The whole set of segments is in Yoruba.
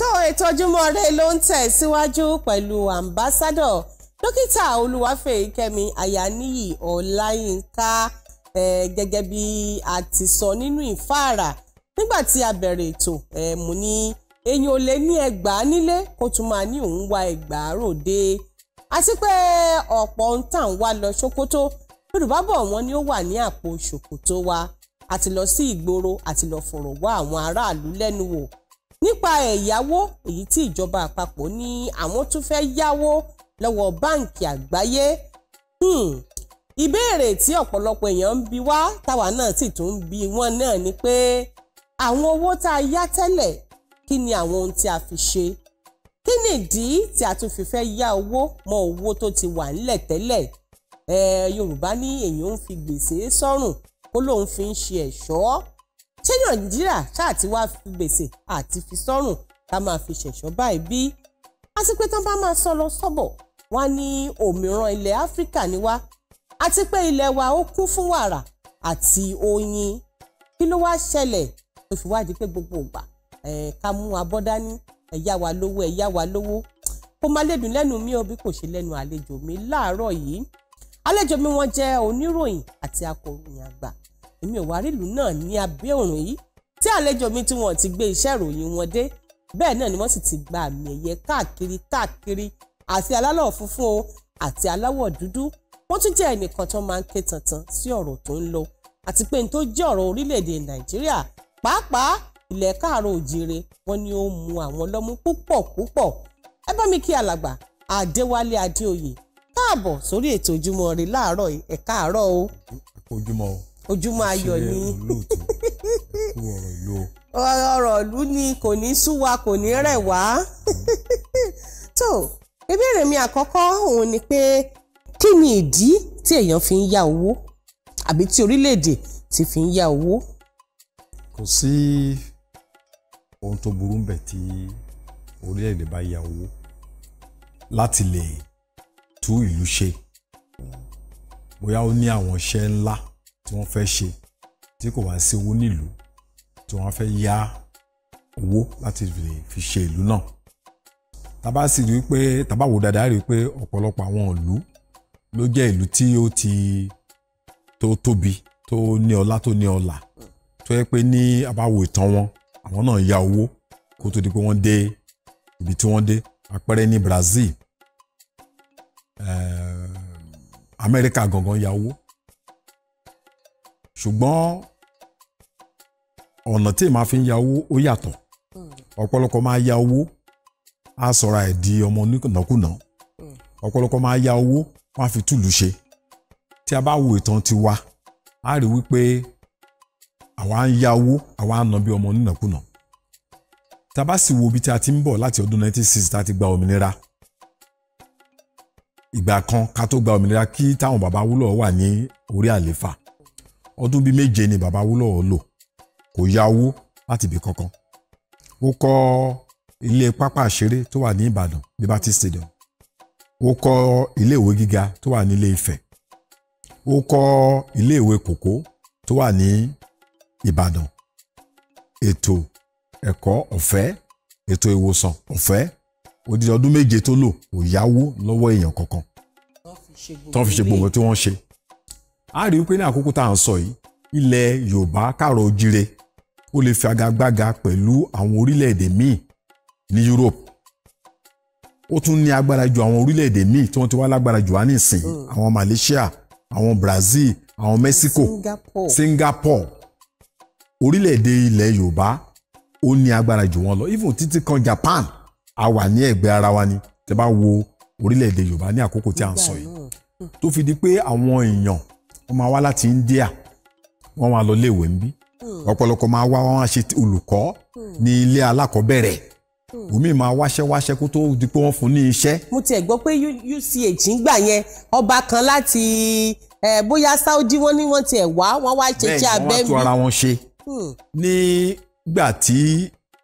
tó ètò Ojúmọ́ Ire ló ń tẹ̀ síwájú pẹ̀lú ambassadọ dókítà Olúwafẹ́yìkẹ́mi Àyáníyì Ọláyínká gẹ́gẹ́ bí a ti sọ nínú ìfáàrà nígbà tí a bẹ̀rẹ̀ ètò mo ní èyàn ò lè ní ẹgbàá nílé kó tún máa ní òun wá ẹgbàá ròde àti pé ọ̀pọ̀ ń tàn wá lọ ṣòkòtò Yorùbá bọ̀ wọ́n ní ó wà ní àpò ṣòkòtò wa àti lọ sí ìgboro àti lọ fọ̀rọ̀ wá àwọn aráàlú lẹ́nu wò nípa ẹ̀yáwó èyí tí ìjọba àpapọ̀ ní àwọn tún fẹ́ yáwó lọ́wọ́ báǹkì àgbáyé hmm, ìbéèrè tí ọ̀pọ̀lọpọ̀ èèyàn ń bi wá táwa náà sì tún ń bi wọ́n náà ni pé àwọn owó tá a yá tẹ́lẹ̀ kí ni àwọn ohun tí a fi ṣe kí nìdí tí a tún fi fẹ́ yá owó mọ́ owó tó ti wà ńlẹ̀ tẹ́lẹ̀ Yorùbá ní èèyàn ń fi gbèsè sọ́rùn kó lóun fi ń ṣe ẹ̀ṣọ́ ṣé nàìjíríà ṣáà ti wá fi gbèsè àti fi sọ́rùn ká máa fi ṣẹ̀ṣọ́ báyìí bí àti pé tán bá máa sọ lọ sọ́bọ̀ wá ní òmìrán ilẹ̀ áfíríkà ni wá àti pé ilẹ̀ wa ó kún fún wàrà àti oyin kí ló wá ṣẹlẹ̀ tó fi wá di pé gbogbo ìgbà ká mú abọ́ dání ẹ yá wa lówó ẹ yá wa lówó kó má lè dùn lẹ́nu mi ò bí kò ṣe lẹ́nu àlejò mi láàárọ̀ yìí àlejò mi wọ́n jẹ́ oníròyìn àti akọ̀ròyìn àgbà èmi ò wá rí ìlú náà ní abẹ́ òrùn yìí tí àlejò mi tí wọn ti gbé iṣẹ́ ìròyìn wọn dé bẹ́ẹ̀ náà ni wọ́n sì ti gba àmì ẹ̀yẹ káàkiri káàkiri àti alálọ̀ funfun o àti aláwọ̀ dúdú wọ́n tún jẹ́ ẹnìkan tó máa ń ké tantan sí ọ̀rọ̀ tó ń lọ àti pé n tó jẹ́ ọ̀rọ̀ orílẹ̀-èdè nàìjíríà pàápàá ilẹ̀ káàárọ̀ òjìire wọn ni ó mu àwọn lọ́mú púpọ̀ púpọ̀ ẹ bá mi kí alàgbà adéwálé adéoyè káàbọ̀ sórí ètò ojúmọ́ ire láàárọ̀ ẹ̀ káàárọ̀ o. ojúmọ́ o ojúmọ́ ayọ̀ ni ọ̀rọ̀ ìlú ni kò ní sú wa kò ní rẹ̀ tó ìbéèrè mi àkọ́kọ́ òun ni pé kí ni ìdí tí èèyàn fi ń yá owó àbí tí orílẹ̀-èdè ti fi ń yá owó. kò sí ohun tó burú bẹ̀ tí orílẹ̀-èdè bá yá owó láti lè tú ìlú ṣe bóyá ó ní àwọn iṣẹ́ ńlá tí wọ́n fẹ́ ṣe tí kò wá sí owó nílùú tí wọ́n fẹ́ yá owó láti fi ṣe ìlú náà tàbá sì rí pé tàbá wò dáadáa rí pé ọ̀pọ̀lọpọ̀ àwọn ìlú ló jẹ́ ìlú tí ó ti tó tóbi tó ní ọlá tó ní ọlà tó yẹ pé ní àbáwò ìtàn wọn àwọn náà yá owó kó tó di pé wọ́n dé ibi tí wọ́n dé àpẹẹrẹ ní Brazil uh, Amẹ́ríkà gangan yá owó ṣùgbọ́n ọ̀nà tí màá fi ń ya owó ó yàtọ̀ hmm. ọ̀pọ̀lọpọ̀ máa ya owó á sọra ẹ̀ di ọmọ oníkùnàkùnà hmm. ọ̀pọ̀lọpọ̀ máa ya owó wọ́n á fi túlù ṣe tí a bá wo ìtàn tiwa á rí wípé àwa ń ya owó àwa ń ná bí ọmọ onínàkùnà tá a bá sì wo ibi tí a ti ń bọ̀ láti ọdún 1960 tá a ti gba òmìnira ìgbà kan ká tó gba òmìnira kí táwọn bàbá wúlọ̀ wà ní orí àléfà ọdún bíi méje ni bàbá Awólọ́wọ̀ lò kò ya owó láti ibì kankan ó kọ́ ilé pápá àṣeré tó wà ní Ìbàdàn Liberty Stadium ó kọ́ ilé ìwé gíga tó wà ní Ilé Ifẹ̀ ó kọ́ ilé ìwé kòkó tó wà ní Ìbàdàn ètò ẹ̀kọ́ ọ̀fẹ́ ètò ìwòsàn ọ̀fẹ́ odidi ọdún méje tó lò kò yáwó lọ́wọ́ èèyàn kankan tó fi ṣe gbogbo tí wọ́n ṣe a rí i pé ní àkókò tá à ń sọ yìí ilẹ̀ yorùbá kàrọ̀ òjire ó lè fi agagbága pẹ̀lú àwọn orílẹ̀-èdè míì ní europe ó tún ní agbára ju àwọn orílẹ̀-èdè míì tí wọ́n ti wá lágbára jù wá nísìn hmm. àwọn malaysia àwọn brazil àwọn mexico singapore, singapore. orílẹ̀-èdè ilẹ̀ yorùbá ó ní agbára jù wọ́n lọ even títí kan japan a wà ní ẹ̀gbẹ́ ara wa ni tẹ́ bá wo orílẹ̀-èdè yorùbá ní àkókò tí à ń sọ yìí tó fi di pé àwọn èèyàn wọ́n máa wá láti India wọ́n máa lọ léèwé ńbí hmm. ọ̀pọ̀lọpọ̀ máa wá wọ́n á ṣe olùkọ́ hmm. ní ilé alákọ̀ọ́bẹ̀rẹ̀ hmm. omi máa wáṣẹ́ wáṣẹ́ kó tó di pé wọ́n fún ní iṣẹ́. mo tiẹ̀ gbọ́ pé UCH ń gbà yẹn ọba kan láti bóyá Saudi wọ́n ní wọ́n tiẹ̀ wá wọ́n wá ṣe iṣẹ́ abẹ́ mi. bẹ́ẹ̀ ni wọ́n á tún ara wọn ṣe. nígbà tí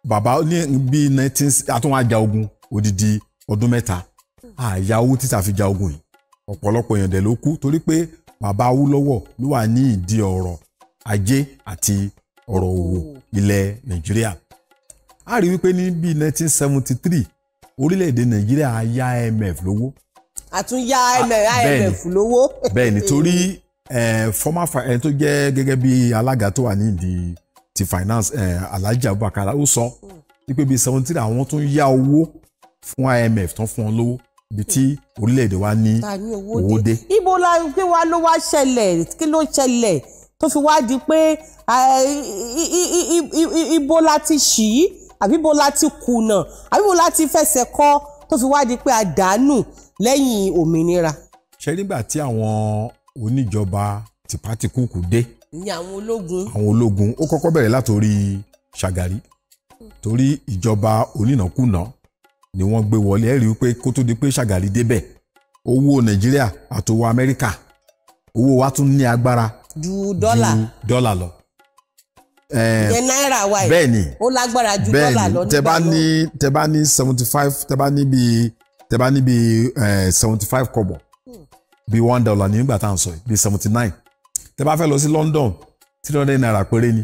bàbá ní bíi nineteen àtúnwá ja ogun odidi ọdún mẹ́ta àyà owó títà fi ja ogun yìí ọ̀pọ̀lọpọ̀ bàbá Awólọ́wọ̀ ló wà ní ìdí ọ̀rọ̀ ajé àti ọ̀rọ̀ òwò ilẹ̀ Nàìjíríà a rí wípé ní bíi three? orílẹ̀-èdè Nàìjíríà yá IMF lówó. àtún yá IMF lówó. bẹ́ẹ̀ni torí former ẹni tó jẹ́ gẹ́gẹ́ bí alága tó wà ní ìdí ti finance Alhaji Abubakar ó sọ hmm. wípé bíi 73 àwọn tó ń yá owó fún IMF tán fún wọn lówó ibi tí orílẹ̀-èdè wa ní owó dé. ibo la gbé wa ló wá ṣẹlẹ̀ kí ló ṣẹlẹ̀ tó fi wá di pé ibo la ti ṣì í àbí ibo la ti kùnà àbí ibo la ti fẹsẹ̀ kọ́ tó fi wá di pé a dànù lẹ́yìn òmìnira. ṣe nígbà tí àwọn oníjọba tìpátìkúùkù dé. ní àwọn ológun. àwọn ológun ó kọ́kọ́ bẹ̀rẹ̀ látòrí Ṣàgàrí torí ìjọba onínàkúnà ni wọ́n gbé wọlé ẹ̀rí wípé kó tó di pé Ṣàgàrí débẹ̀ owó Nàìjíríà àtowó Amẹ́ríkà owó wa tún ní agbára ju dọ́là ju dọ́là lọ. Eh, ẹ náírà wa yìí bẹ́ẹ̀ ni ó lágbára ju dọ́là lọ nígbà náà tẹ bá ní tẹ bá ní seventy five tẹ bá ní bíi tẹ bá ní bíi eh, seventy five kọ́bọ̀ bíi one dollar nígbà tá à ń sọ yìí bíi seventy nine tẹ bá fẹ́ lọ sí London three hundred naira péré ni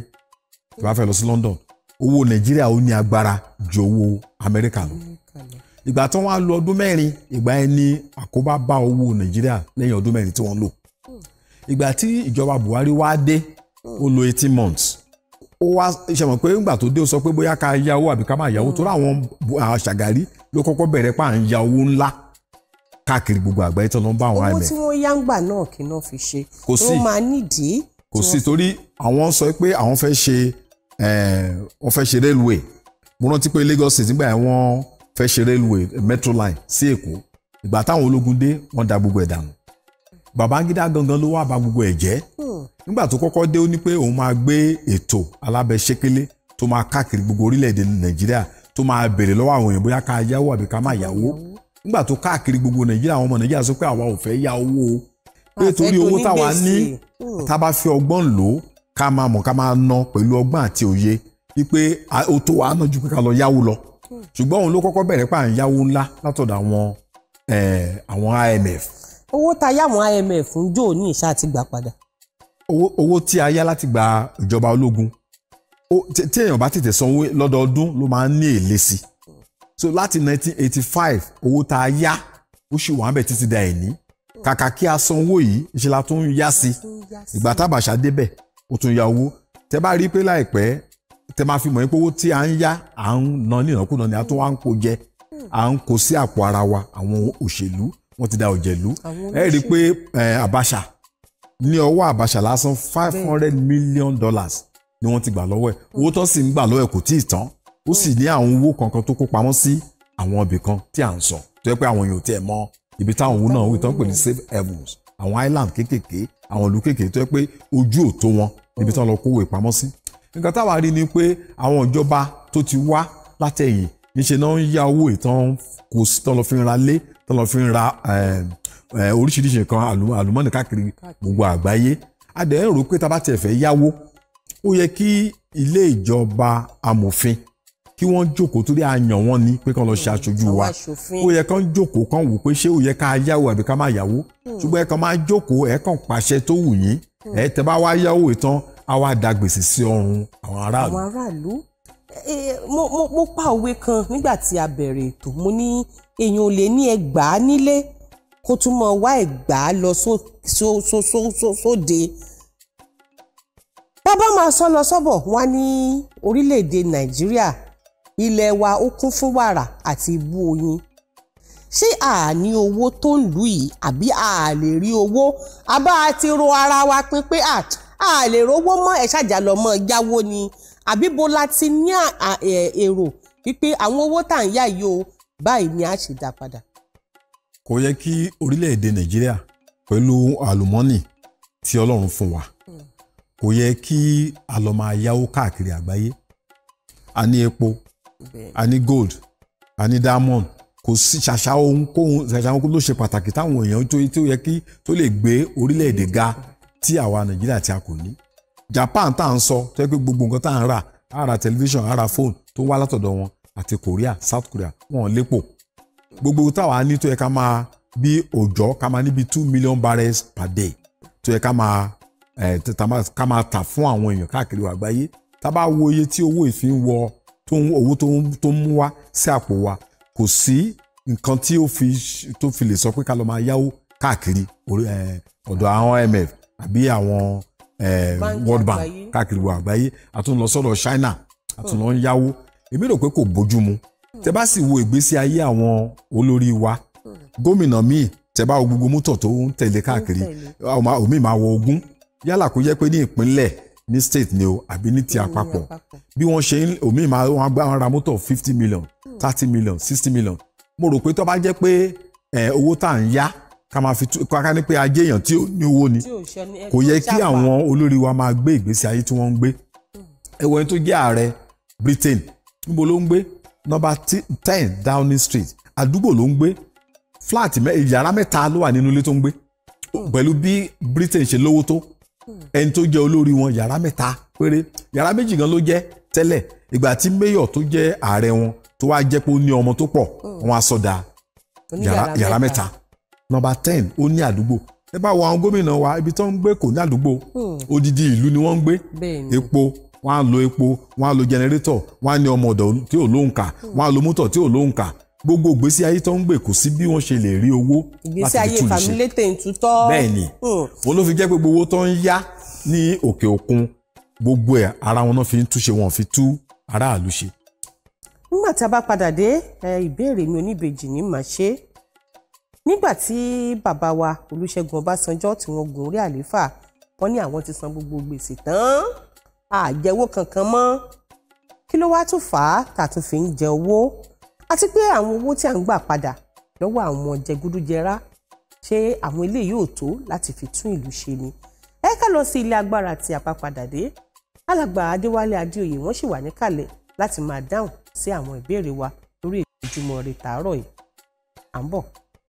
tẹ bá fẹ́ lọ sí London owó Nàìjíríà ó ní agbára ju owó Amẹ́ríkà lọ. Mm -hmm ìgbà tí wọ́n á lo ọdún mẹ́rin ìgbà yẹn ni àkóbá bá owó nàìjíríà lẹ́yìn ọdún mẹ́rin tí wọ́n lò hmm. ìgbà tí ìjọba buhari wá dé ó lo eighteen months ó wá ṣe mọ̀ pé nígbà tó dé ó sọ pé bóyá ká ya owó àbí ká má ya owó tó láwọn ṣàgárí ló kọ́kọ́ bẹ̀rẹ̀ pa à ń ya owó ńlá káàkiri gbogbo àgbáyé tó ló ń bá àwọn àìmẹ̀. owó tí wọ́n yá ń gbà náà kì náà fi ṣe. kò sí wọ́n máa nídìí. kò sí torí àwọn sọ pé àwọn fẹ́ ṣe eh, wọ́n fẹ́ ṣe railway mo rántí pé Lagos State nígbà yẹn wọ́n fẹ́ ṣe railway metro line sí èkó ìgbà táwọn ológun dé wọ́n da gbogbo ẹ̀ dànù Babangida gangan ló wà bá gbogbo ẹ̀ jẹ́ hmm. nígbà tó kọ́kọ́ dé ó ní pé òun máa gbé ètò alábẹ́ṣẹ́kélé tó máa káàkiri gbogbo orílẹ̀-èdè nàìjíríà tó máa lọ́wọ́ àwọn èèyàn bóyá ká gbogbo nàìjíríà àwọn ọmọ nàìjíríà sọ pé àwa ò fẹ́ o pé torí owó táwa ní hmm. fi ọgbọ́n lò ṣùgbọ́n òun ló kọ́kọ́ bẹ̀rẹ̀ pà ń yáwó ńlá látọ̀dọ̀ àwọn àwọn IMF. owó tá a yá àwọn IMF ń jò ní ìṣá àti gbà padà. owó tí a yá láti gba ìjọba ológun tí èèyàn bá tètè sanwó lọ́dọọdún ló máa ń ní èlé sí i so láti 1985 owó tá a yá ó sì wà ń bẹ̀ títí da ẹ̀ní kàkà kí a sanwó yìí ìṣẹ̀lá tó ń yá sí ìgbà tábàṣà débẹ̀ ó tún ya owó tẹ bá rí i pé láìpẹ́ tẹ máa fi mọ̀ yín pé owó tí à ń yá à ń ná nínàkúnà ni a tó wá ń kó jẹ à ń kó sí àpò ara wa àwọn òṣèlú wọn ti da òjèlú ẹ rí i pé Abacha ní ọwọ́ Abacha lásán five hundred million dollars ni wọ́n ti gbà lọ́wọ́ ẹ̀ owó tó sì ń gbà lọ́wọ́ ẹ̀ kò tí ì tán ó sì ní àwọn owó kankan tó kó pamọ́ sí àwọn ibì kan tí à ń sọ tó yẹ pé àwọn èèyàn ò tiẹ̀ mọ ibi táwọn òun náà wí tán pè ní safe havens àwọn island kéékèèké àwọn ìlú kéékèèké tó yẹ pé ojú ò wọn níbi tán lọ kówó ìpamọ́ sí nǹkan táwa rí ni pé àwọn ìjọba tó ti wá látẹ̀yìn níṣẹ́ náà ń yá owó ìtàn kò sí tán lọ fi ra lé tán lọ fi ra ehm, eh, oríṣiríṣi nǹkan àlùmọ́ọ́nì káàkiri gbogbo àgbáyé a dẹ̀ ń rò pé tá a bá tiẹ̀ fẹ́ yáwó ó yẹ kí ilé ìjọba amòfin kí wọ́n jókòó torí a yàn wọ́n ni pé kán lọ ṣe aṣojú wa ó yẹ kán jókòó kán wò pé ṣé ó yẹ ká yáwó àbí ká má yáwó hmm. ṣùgbọ́n ẹ kàn máa jókòó ẹ kàn pàṣẹ tó wù yín hmm. ẹ tẹ bá wá yáwó ìtàn á wá da gbèsè sí ọrùn àwọn aráàlú. àwọn aráàlú e, e, mo mo mo pa òwe kan nígbà tí a bẹ̀rẹ̀ ètò mo ní èèyàn ò lè ní ẹgbàá nílé kó tún mọ wá ẹgbàá lọ sóde bàbá máa sọ lọ sọ́bọ̀ wá ní orílẹ̀-èdè nàìjíríà ilẹ̀ wa ó kún fún wàrà àti ibú oyin ṣé àní owó tó ń lù yìí àbí a lè rí owó àbá àti ro ara wa pin pé ah, a lè rówó mọ́ ẹ̀ ṣàjà lọ mọ́ yáwó ni àbíbo la ti ní èrò wípé àwọn owó tá à ń yá yìí o báyìí ni a ṣe dá padà. kò yẹ kí orílẹ̀-èdè nàìjíríà pẹ̀lú àlùmọ́nì tí ọlọ́run fún wa kò yẹ kí a lọ máa yáwó káàkiri àgbáyé a ní epo a ní gold a ní diamond kò sí ṣàṣà ohunkóhun ṣàṣà ohunkóhun ló ṣe pàtàkì táwọn èèyàn tó yẹ kí tó lè gbé orílẹ̀-èdè ga tí àwa nàìjíríà tí a kò ní japan tá à ń sọ tó yẹ pé gbogbo nǹkan tá à ń rà á ra tẹlifíṣàn á ra fóònù tó wá látọ̀dọ̀ wọn àti korea south korea wọn lépo gbogbo táwa ní tó yẹ ká máa bí òòjọ́ ká máa níbi two million barrels per day tó yẹ ká eh, máa ká máa tà fún àwọn èèyàn káàkiri àgbáyé tá a bá wo iye tí owó ìfín wọ tó ń owó tó ń mú wá sí àpò wa kò sí nǹkan tí ó fi lè sọ pé ká lọ máa yáwó káàkiri eh, ọ̀dọ̀ àwọn IMF àbí àwọn eh, World Bank káàkiri gbogbo àgbáyé àtúnlọ sọ́dọ̀ China àtúnlọ ń yáwó èmi rò pé kò bójú mu hmm. tẹ bá sì wo ìgbésí ayé àwọn olórí wa hmm. gómìnà míì tẹ bá wo gbogbo tó ń tẹ̀lé káàkiri omi máa wọ ogún yálà kó jẹ́ pé ní ìpínlẹ̀ ní state ni o àbí ní ti àpapọ̀ bí wọ́n ṣe omi máa wọn gbá wọn ra mọ́tò fifty million hmm. thirty million sixty million mo rò pé tó bá jẹ́ pé eh, owó tá à ń yá ká máa fi ká ní pé ajé èèyàn tí ò ní owó ni kò yẹ kí àwọn olórí wa máa gbé ìgbésí ayé tí wọ́n ń gbé hmm. ẹ ẹni tó jẹ́ ààrẹ Britain níbo ló ń gbé nọ́mbà ten Downing Street àdúgbò ló ń gbé flat yàrá mẹ́ta ló wà nínú ilé tó ń gbé hmm. pẹ̀lú bí Britain ṣe lówó tó hmm. ẹni tó jẹ́ olórí wọn yàrá mẹ́ta péré yàrá méjì gan ló jẹ́ tẹ́lẹ̀ ìgbà tí mayor tó jẹ́ ààrẹ wọn tó wá jẹ́ pé ó ní ọmọ tó pọ̀ wọn á sọdá yàrá mẹ́ta nọmba ten ó ní àdúgbò ẹ bá wo àwọn gómìnà wa ibi tó ń gbé kò ní àdúgbò hmm. odidi ìlú ni wọ́n ń gbé epo wọ́n á lo epo wọ́n á lo jẹnẹrétọ̀ wọ́n á ní ọmọ ọ̀dọ̀ tí ò lóhùn kà hmm. wọ́n á lo mọ́tò tí ò lóhùn kà gbogbo ìgbésí ayé tó ń gbè kò sí bí wọ́n ṣe lè rí owó láti fi túlù ṣe ìgbésí ayé fàmílétè ń tutọ́ bẹ́ẹ̀ ni wọ́n hmm. ló fi jẹ́ gbogbo owó tó ń yá ní òkè òkun gbogbo ẹ̀ ara wọn náà fi ń túṣe wọn fi tú aráàlú ṣe. nígbà tá a bá padà dé ìbéèrè mi oníbejì ní màá ṣe é nígbà tí bàbá wa olùṣègùn ọbásanjọ́ tí wọ́n gùn orí àlééfà wọ́n ní àwọn ti san gbogbo gbèsè tán àjẹwó kankan mọ́ kí ló wá tún fà á tàtún fi ń jẹ owó àti pé àwọn owó tí à ń gbà padà lọ́wọ́ àwọn jẹgúdújẹrá ṣé àwọn ilé yóò tó láti fi tún ìlú ṣe ni ẹ ká lọ sí ilé agbára àti àpapàdàdé alàgbà adéwálé adéoyè wọ́n sì wà níkàlẹ̀ láti máa dáhùn sí àwọn ìbéèrè wa lórí ìjùmọ̀ rẹ̀ tàárọ̀ yìí à ń bọ̀.